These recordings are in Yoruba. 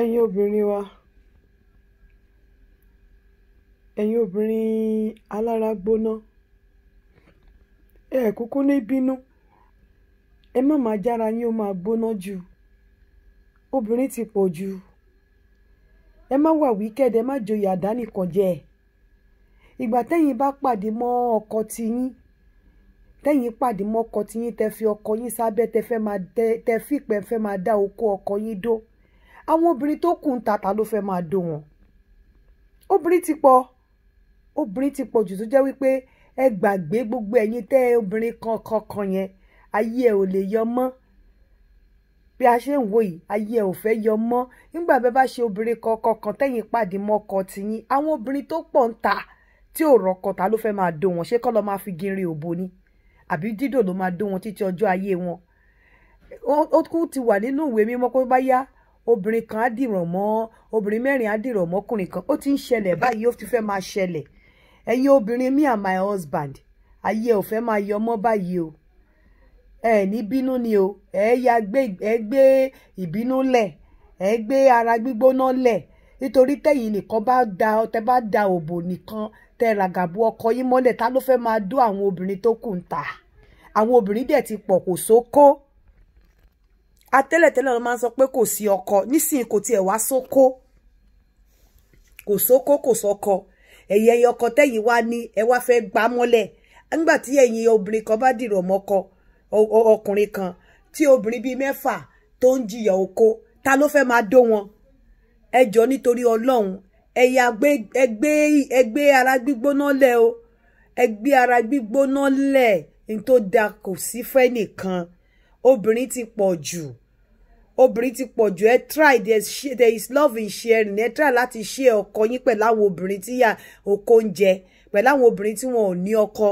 ẹ̀yin obìnrin wa ẹ̀yin obìnrin alára gbóná ẹ kúkú ní bínú ẹ má máa jára yín ó máa gbóná jù obìnrin ti pọ̀ jù ẹ má wà wíkẹ́ẹ̀dì má joyè àdánìkànjẹ ẹ̀ ìgbà tẹ́yìn bá pàdé mọ́ ọkọ tiyín tẹ́yìn pàdé mọ́ ọkọ tiyín fi ọkọ yín sábẹ́ fẹ́ máa dá oko ọkọ àwọn obìnrin tó kù ń ta ta ló fẹ́ máa dó wọn obìnrin ti pọ̀ obìnrin ti pọ̀ jù tó jẹ́ wípé ẹ gbàgbé gbogbo ẹ̀yin tẹ́ obìnrin kan kankan yẹn ayé ẹ ò lè yọ mọ́ bí a ṣe ń wò yìí ayé ẹ ò fẹ́ yọ mọ́ nígbà bẹ́ẹ̀ bá ṣe obìnrin kankan kan tẹ́yìn pàdé mọ́kọ tiyín àwọn obìnrin tó pọ̀ ń ta tí ò rọ́kọ ta ló fẹ́ máa dó wọn ṣé kọ́ lọ́ máa fi gírin òbo ni àbí dídò ló máa dó wọn títí ọjọ́ ayé wọn ó kú ti wà nínú ìwé mímọ́ pé bá yá obìnrin kan á dìrọ̀ mọ́ obìnrin mẹ́rin á dìrọ̀ mọ́kùnrin kan ó ti ń ṣẹlẹ̀ báyìí ó ti fẹ́ máa ṣẹlẹ̀ ẹ̀yin obìnrin me and my husband ayé ò fẹ́ máa yọ mọ́ báyìí o ẹ ní bínú ni o ẹ ya gbé ìbínú lẹ̀ ẹ gbé ara gbígbóná lẹ̀ nítorí tẹ̀yin nìkan bá da tẹ bá da òbò nìkan tẹ ràgàbù ọkọ yín mọ́lẹ̀ ta ló fẹ́ máa dó àwọn obìnrin tó kù ń ta àwọn obìnrin dẹ̀ ti pọ̀ kò sóko. So atẹ́lẹ̀tẹ́lẹ̀ ló máa ń sọ pé kò sí ọkọ nísìnyí kò tiẹ̀ wá sóko kò sóko kò sọkọ ẹ̀yẹ ẹ̀yẹ ọkọ tẹ́yìn wá ní ẹ wá fẹ́ gbá mọ́lẹ̀ nígbà tí ẹ̀yin obìnrin kan bá dìrọ̀ mọ́kọ ọkùnrin kan tí obìnrin bíi mẹ́fà tó ń jìyà oko ta ló fẹ́ máa dó wọn ẹjọ́ nítorí ọlọ́run ẹ̀yà ẹgbẹ́ ẹgbẹ́ ara gbígbóná lẹ̀ o ẹgbẹ́ ara gbígbóná lẹ̀ ní tó da kò sí fẹ́ nìkan obìnrin ti pọ̀ jù obìnrin ti pọ̀ jù ẹ try there is love in sharing ẹ try láti share ọkọ yín pẹ̀lú àwọn obìnrin tí yà oko ń jẹ pẹ̀lú àwọn obìnrin tí wọn ò ní ọkọ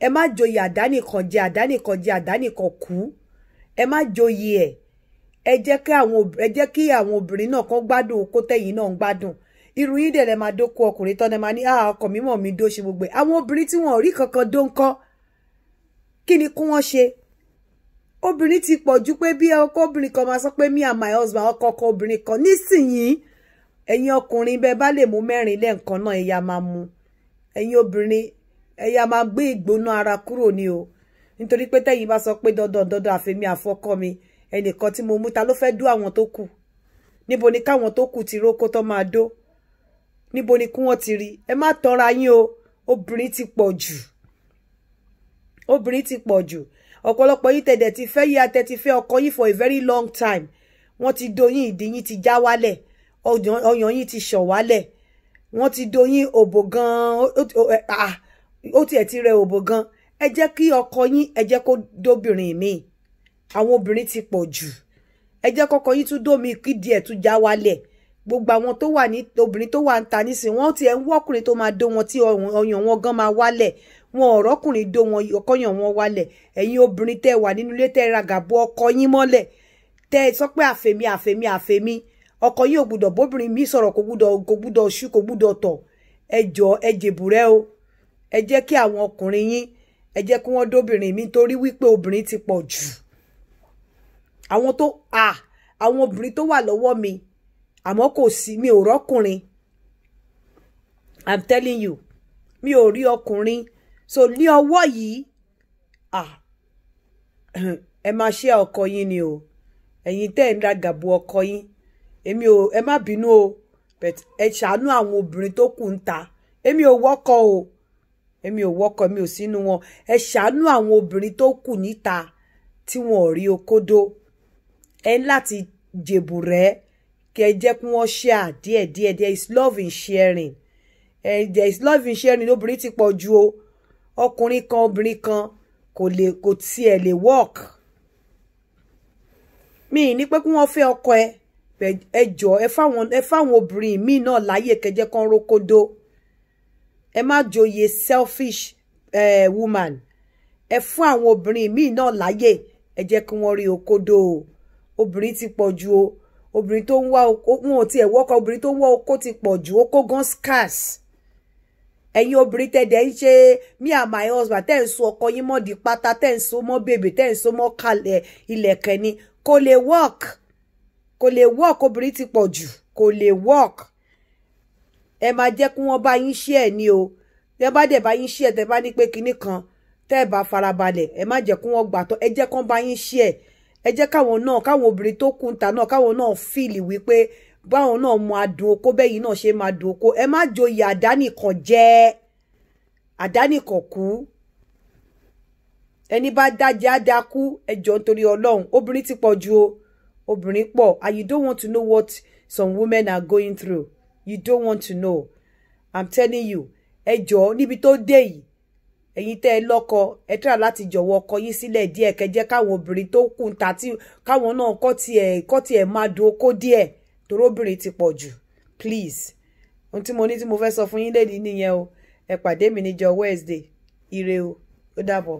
ẹ má joyè àdánìkan jẹ àdánìkan jẹ àdánìkan kú ẹ má joyè ẹ ẹ jẹ́ kí àwọn ẹ jẹ́ kí àwọn obìnrin náà kàn gbádùn oko tẹ̀yìn náà ń gbádùn irú yín dẹ̀ lẹ máa dóko ọkùnrin tán ẹ máa ní ah, ọkọ mi mọ̀ mi dó ṣe gbogbo àwọn obìnrin tí wọn ò rí kankan dó ń kọ́ kí ni kí wọ́n ṣe obìnrin ti pọ̀ ju pé bí ọkọ obìnrin kan máa sọ pé me and my husband ọkọ ọkọ obìnrin kan nísìnyí ẹ̀yin ọkùnrin bẹ́ẹ̀ bá lè mú mẹ́rin lẹ́ẹ̀kan náà ẹ̀yà máa mu ẹ̀yin obìnrin ẹ̀yà máa gbé ìgbóná ara kúrò ní o nítorí pé tẹ́yin bá sọ pé dandan dandan àfẹ́mi àfọkọ mi ẹnìkan tí mo mú ta ló fẹ́ẹ́ dó àwọn tó kù níbo ni káwọn tó kù ti rókó tó máa dó níbo ni kí wọ́n ti rí ẹ má tanra yín o obìnrin ti pọ̀ obìnrin ti pọ̀ ọ̀pọ̀lọpọ̀ yìí tẹ̀dẹ̀ ti fẹ́ yìí atẹ ti fẹ́ ọkọ yìí for a very long time wọ́n ti doyin ìdí yín ti já wálẹ̀ ọyàn yín ti ṣọ̀ wálẹ̀ wọ́n ti doyin òbò gan-an ó tiẹ̀ ti rẹ òbò gan ẹ jẹ́ kí ọkọ yín ẹ jẹ́ kó dóbìnrin míì àwọn obìnrin ti pọ̀ jù ẹ jẹ́ kọ́kọ yín tún dómi kí díẹ̀ tún já wálẹ̀ gbogbo àwọn tó wà ní obìnrin tó wà ń ta nísìnyí wọ́n tiẹ̀ ń wọ́kùnrin tó máa dó wọn tí ọyàn wọn gan máa wálẹ̀ wọn ò rọ́kùnrin dó wọn ọkọyàn wọn wálẹ̀ ẹ̀yin obìnrin tẹ́ wà nínú ilé tẹ́ ragàbo ọkọ yín mọ́lẹ̀ tẹ́ ẹ sọ pé àfẹ̀mí àfẹ̀mí àfẹ̀mí ọkọ yín ò gbúdọ̀ bóbìnrin mi sọ̀rọ̀ kò gbúdọ̀ kò gbúdọ̀ ṣú kò gbúdọ̀ tọ̀ ẹ jọ ẹ jèbùrẹ́ o ẹ jẹ́ kí àwọn ọkùnrin yín ẹ jẹ́ kí wọ́n dóbìnrin mi torí wípé obìnrin ti pọ̀ jù àwọn tó à àwọn obìnrin tó wà lọ́wọ́ mi àmọ́ kò sí mi ò rọ́kùnrin i'm telling you mi ò rí ọkùnrin so ní ọwọ́ yìí ah, ẹ máa ṣe ọkọ yín ni o ẹ̀yin tẹ́ ẹ̀ ń ra gàbù ọkọ yín èmi ò ẹ má bínú o ẹ ṣàánú àwọn obìnrin tó kù ń ta èmi ò wọ́kọ o èmi ò wọ́kọ mi ò sínú wọn ẹ ṣàánú àwọn obìnrin tó kù níta tí wọn ò rí okódó ẹ ń láti jèbù rẹ kẹ jẹ́ kí wọ́n ṣíà díẹ̀ díẹ̀ there is love in sharing eh, there is love in sharing lóbìnrin ti pọ̀ ju o ọkùnrin kan obìnrin kan kò lè kò tiẹ̀ lè work mi ní pé kí wọ́n fẹ́ ọkọ ẹ ẹ jọ ẹ fáwọn ẹ fáwọn obìnrin míì náà láyè kẹjẹ kan rókódó ẹ má joyè selfish eh, woman ẹ fún àwọn obìnrin míì náà láyè ẹ jẹ́ kí wọ́n rí okódó o obìnrin ti pọ̀ ju o obìnrin tó ń wá wọn ò tiẹ̀ wọ́kọ obìnrin tó ń wá okó ti pọ̀ ju okó gan scarce ẹ̀yin obìnrin tẹ̀dẹ̀ ń ṣe me and my husband tẹ̀ ń so ọkọ yín mọ́ di pátá tẹ̀ ń so mọ́ bèbè tẹ̀ ń so mọ́ kalẹ̀ ilẹ̀kẹ̀ ni kò lè work kò lè work obìnrin ti pọ̀ jù kò lè work ẹ máa jẹ́ kí wọ́n bá yín share ni o tẹ́ bá dẹ̀ bá yín share tẹ́ bá ní pé kinní kan tẹ́ ẹ bá farabalẹ̀ ẹ má jẹ́ kí wọ́n gbà tán ẹ jẹ́ kán bá yín share ẹ jẹ́ káwọn náà káwọn obìnrin tó kùn ta náà káwọn náà fìlì wípé báwọn náà mọ adùn oko bẹ́yìn náà ṣe máa dùn oko ẹ má joyè àdánìkan jẹ́ àdánìkan kú ẹni bá dájẹ́ á dákú ẹjọ́ nítorí ọlọ́run obìnrin ti pọ̀ ju o obìnrin pọ̀ and you don't want to know what some women are going through you don't want to know i'm telling you ẹjọ́ níbi tó dé yìí ẹ̀yin tẹ́ ẹ lọ́kọ ẹ tíra láti jọ̀wọ́ ọkọ yín sílẹ̀ díẹ̀ kẹjẹ́ káwọn obìnrin tó kù ń ta tí káwọn náà kọ́ tiẹ̀ kọ́ tiẹ̀ máa dùn okó díẹ̀ torobìnrin ti pọ̀ jù please ohun tí mo ní tí mo fẹ́ sọ fún yín lẹ́ni nìyẹn o ẹ pàdé mi níjọ́ Wednesday ire o ó dàbọ̀.